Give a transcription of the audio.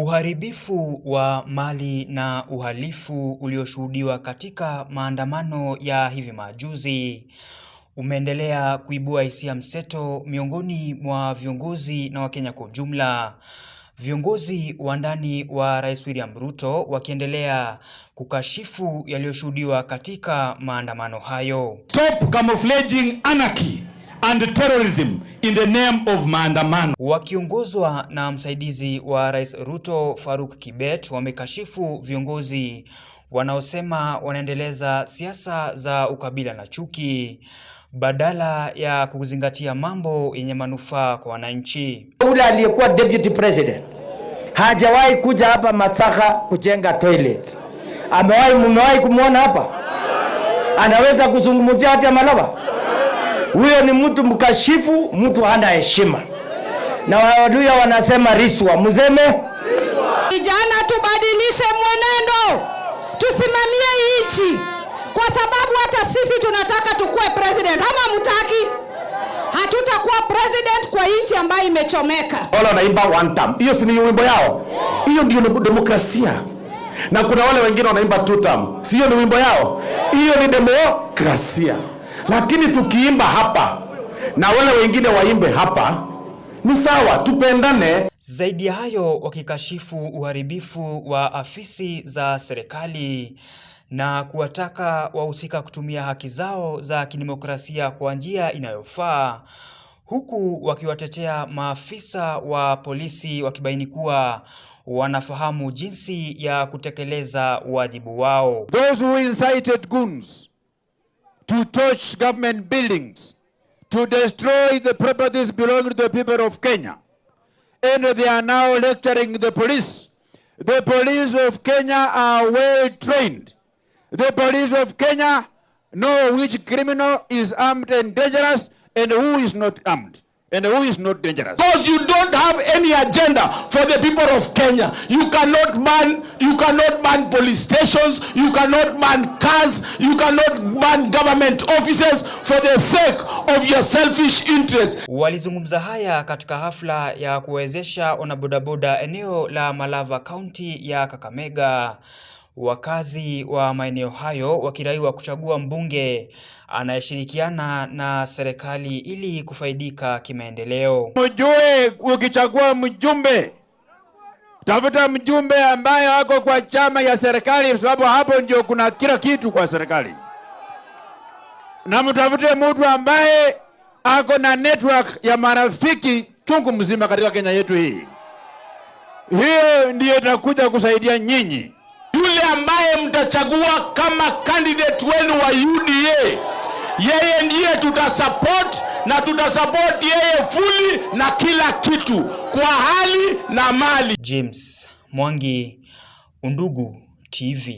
Uharibifu wa mali na uhalifu ulioshuhudiwa katika maandamano ya hivi majuzi umeendelea kuibua hisia mseto miongoni mwa viongozi na Wakenya kwa ujumla. Viongozi wa ndani wa Rais William Ruto wakiendelea kukashifu yaliyoshuhudiwa katika maandamano hayo. Stop camouflaging anarchy and terrorism in the name of maandamano. Wakiongozwa na msaidizi wa Rais Ruto Faruk Kibet wamekashifu viongozi wanaosema wanaendeleza siasa za ukabila na chuki badala ya kuzingatia mambo yenye manufaa kwa wananchi. Yule aliyekuwa deputy president hajawahi kuja hapa Masaka kujenga toilet. Amewahi, mmewahi kumwona hapa? Anaweza kuzungumzia hata Malaba? Huyo ni mtu mkashifu, mtu hana heshima. Na Waluya wanasema riswa mzeme. Vijana, tubadilishe mwenendo, tusimamie nchi, kwa sababu hata sisi tunataka tukue president, ama mtaki, hatutakuwa president kwa nchi ambayo imechomeka. Wale wanaimba one term, hiyo si ni wimbo yao? Hiyo ndio demokrasia na kuna wale wengine wanaimba two term, hiyo ni wimbo yao? Hiyo ni demokrasia. Lakini tukiimba hapa na wale wengine waimbe hapa ni sawa, tupendane. Zaidi ya hayo, wakikashifu uharibifu wa afisi za serikali na kuwataka wahusika kutumia haki zao za kidemokrasia kwa njia inayofaa, huku wakiwatetea maafisa wa polisi wakibaini kuwa wanafahamu jinsi ya kutekeleza wajibu wao. Those who incited goons to touch government buildings, to destroy the properties belonging to the people of Kenya. And they are now lecturing the police. The police of Kenya are well trained. The police of Kenya know which criminal is armed and dangerous and who is not armed. And who is not dangerous? Because you don't have any agenda for the people of Kenya. You cannot ban, you cannot ban police stations, you cannot ban cars, you cannot ban government offices for the sake of your selfish interests. Walizungumza haya katika hafla ya kuwezesha wanabodaboda eneo la Malava County ya Kakamega. Wakazi wa maeneo hayo wakiraiwa kuchagua mbunge anayeshirikiana na serikali ili kufaidika kimaendeleo. Mjue ukichagua mjumbe, tafuta mjumbe ambaye ako kwa chama ya serikali, kwa sababu hapo ndio kuna kila kitu kwa serikali, na mtafute mtu ambaye ako na network ya marafiki chungu mzima katika Kenya yetu hii. Hiyo ndiyo itakuja kusaidia nyinyi tutachagua kama candidate wenu wa UDA, yeye ndiye tutasupport na tutasupport yeye fully na kila kitu kwa hali na mali. James Mwangi, Undugu TV.